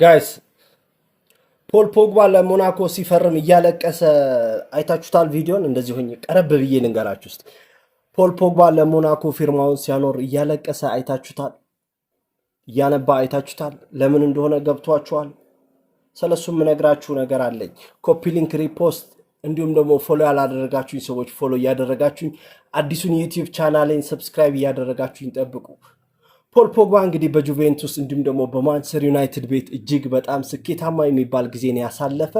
ጋይስ ፖል ፖግባ ለሞናኮ ሲፈርም እያለቀሰ አይታችሁታል። ቪዲዮን እንደዚሁ ቀረብ ብዬ ልንገራችሁ ውስጥ ፖል ፖግባ ለሞናኮ ፊርማውን ሲያኖር እያለቀሰ አይታችሁታል። እያነባ አይታችሁታል። ለምን እንደሆነ ገብቷችኋል። ስለሱ የምነግራችሁ ነገር አለኝ። ኮፒሊንክ፣ ሪፖስት እንዲሁም ደግሞ ፎሎ ያላደረጋችሁኝ ሰዎች ፎሎ እያደረጋችሁኝ አዲሱን የዩቲዩብ ቻናሌን ሰብስክራይብ እያደረጋችሁኝ ጠብቁ። ፖል ፖግባ እንግዲህ በጁቬንቱስ እንዲሁም ደግሞ በማንቸስተር ዩናይትድ ቤት እጅግ በጣም ስኬታማ የሚባል ጊዜን ያሳለፈ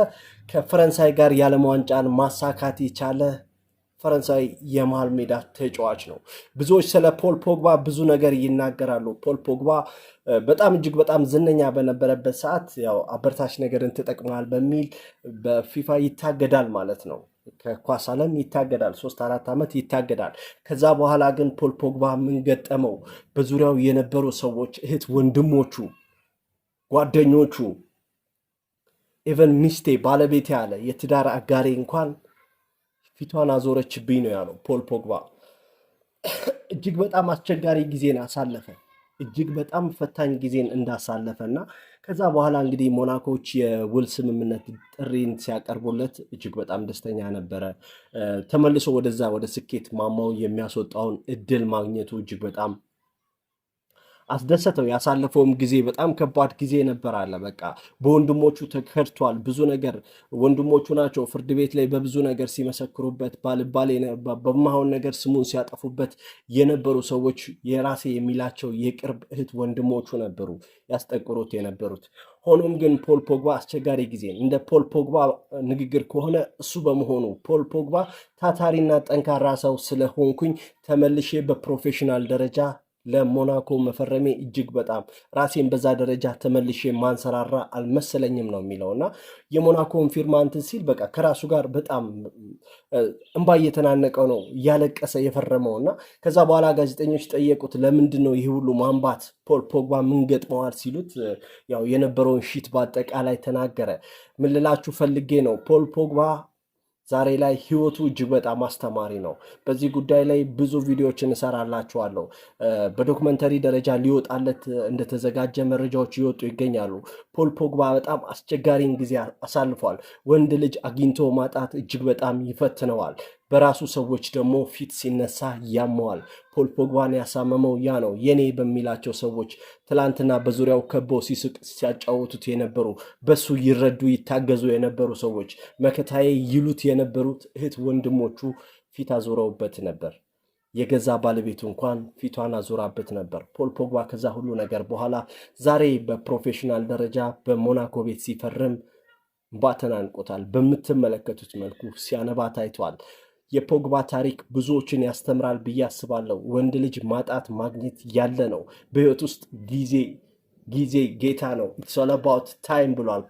ከፈረንሳይ ጋር የዓለም ዋንጫን ማሳካት የቻለ ፈረንሳይ የመሃል ሜዳ ተጫዋች ነው። ብዙዎች ስለ ፖል ፖግባ ብዙ ነገር ይናገራሉ። ፖል ፖግባ በጣም እጅግ በጣም ዝነኛ በነበረበት ሰዓት ያው አበረታች ነገርን ትጠቅማል በሚል በፊፋ ይታገዳል ማለት ነው። ከኳስ ዓለም ይታገዳል። ሶስት አራት ዓመት ይታገዳል። ከዛ በኋላ ግን ፖል ፖግባ ምን ገጠመው? በዙሪያው የነበሩ ሰዎች፣ እህት ወንድሞቹ፣ ጓደኞቹ ኢቨን ሚስቴ ባለቤት ያለ የትዳር አጋሬ እንኳን ፊቷን አዞረችብኝ ነው ያለው ፖል ፖግባ። እጅግ በጣም አስቸጋሪ ጊዜን አሳለፈ። እጅግ በጣም ፈታኝ ጊዜን እንዳሳለፈ እና ከዛ በኋላ እንግዲህ ሞናኮዎች የውል ስምምነት ጥሪን ሲያቀርቡለት እጅግ በጣም ደስተኛ ነበረ። ተመልሶ ወደዛ ወደ ስኬት ማማው የሚያስወጣውን እድል ማግኘቱ እጅግ በጣም አስደሰተው። ያሳለፈውም ጊዜ በጣም ከባድ ጊዜ ነበር አለ። በቃ በወንድሞቹ ተከድቷል። ብዙ ነገር ወንድሞቹ ናቸው ፍርድ ቤት ላይ በብዙ ነገር ሲመሰክሩበት፣ ባልባሌ በማሆን ነገር ስሙን ሲያጠፉበት የነበሩ ሰዎች የራሴ የሚላቸው የቅርብ እህት ወንድሞቹ ነበሩ ያስጠቅሩት የነበሩት። ሆኖም ግን ፖል ፖግባ አስቸጋሪ ጊዜ እንደ ፖል ፖግባ ንግግር ከሆነ እሱ በመሆኑ ፖል ፖግባ ታታሪና ጠንካራ ሰው ስለሆንኩኝ ተመልሼ በፕሮፌሽናል ደረጃ ለሞናኮ መፈረሜ እጅግ በጣም ራሴን በዛ ደረጃ ተመልሼ ማንሰራራ አልመሰለኝም ነው የሚለው እና የሞናኮን ፊርማ እንትን ሲል በቃ ከራሱ ጋር በጣም እንባ እየተናነቀው ነው እያለቀሰ የፈረመው እና ከዛ በኋላ ጋዜጠኞች ጠየቁት፣ ለምንድን ነው ይህ ሁሉ ማንባት ፖል ፖግባ ምን ገጥመዋል ሲሉት ያው የነበረውን ሺት በአጠቃላይ ተናገረ። ምልላችሁ ፈልጌ ነው ፖል ፖግባ ዛሬ ላይ ህይወቱ እጅግ በጣም አስተማሪ ነው። በዚህ ጉዳይ ላይ ብዙ ቪዲዮዎችን እሰራላችኋለሁ። በዶክመንተሪ ደረጃ ሊወጣለት እንደተዘጋጀ መረጃዎች ይወጡ ይገኛሉ። ፖል ፖግባ በጣም አስቸጋሪን ጊዜ አሳልፏል። ወንድ ልጅ አግኝቶ ማጣት እጅግ በጣም ይፈትነዋል። በራሱ ሰዎች ደግሞ ፊት ሲነሳ ያመዋል። ፖል ፖግባን ያሳመመው ያ ነው። የኔ በሚላቸው ሰዎች ትላንትና በዙሪያው ከበው ሲስቅ ሲያጫወቱት የነበሩ በሱ ይረዱ ይታገዙ የነበሩ ሰዎች መከታዬ ይሉት የነበሩት እህት ወንድሞቹ ፊት አዙረውበት ነበር። የገዛ ባለቤቱ እንኳን ፊቷን አዙራበት ነበር። ፖል ፖግባ ከዛ ሁሉ ነገር በኋላ ዛሬ በፕሮፌሽናል ደረጃ በሞናኮ ቤት ሲፈርም እንባ ተናንቆታል። በምትመለከቱት መልኩ ሲያነባ ታይቷል። የፖግባ ታሪክ ብዙዎችን ያስተምራል ብዬ አስባለሁ። ወንድ ልጅ ማጣት ማግኘት ያለ ነው። በህይወት ውስጥ ጊዜ ጊዜ ጌታ ነው። ኢትስ ኦል አባውት ታይም ብሏል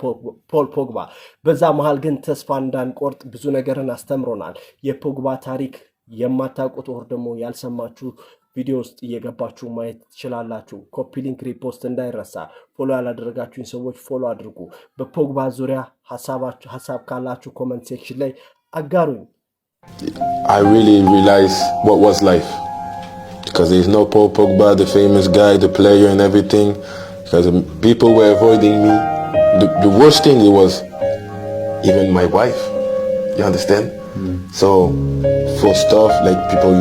ፖል ፖግባ። በዛ መሃል ግን ተስፋ እንዳንቆርጥ ብዙ ነገርን አስተምሮናል። የፖግባ ታሪክ የማታውቁት ወር ደግሞ ያልሰማችሁ ቪዲዮ ውስጥ እየገባችሁ ማየት ትችላላችሁ። ኮፒሊንክ ሪፖስት እንዳይረሳ። ፎሎ ያላደረጋችሁኝ ሰዎች ፎሎ አድርጉ። በፖግባ ዙሪያ ሀሳብ ካላችሁ ኮመንት ሴክሽን ላይ አጋሩኝ። I really realized what was life. Because there's no Paul Pogba, the famous guy, the player and everything. Because people were avoiding me. The, the worst thing it was even my wife. You understand? Mm. So for stuff like people used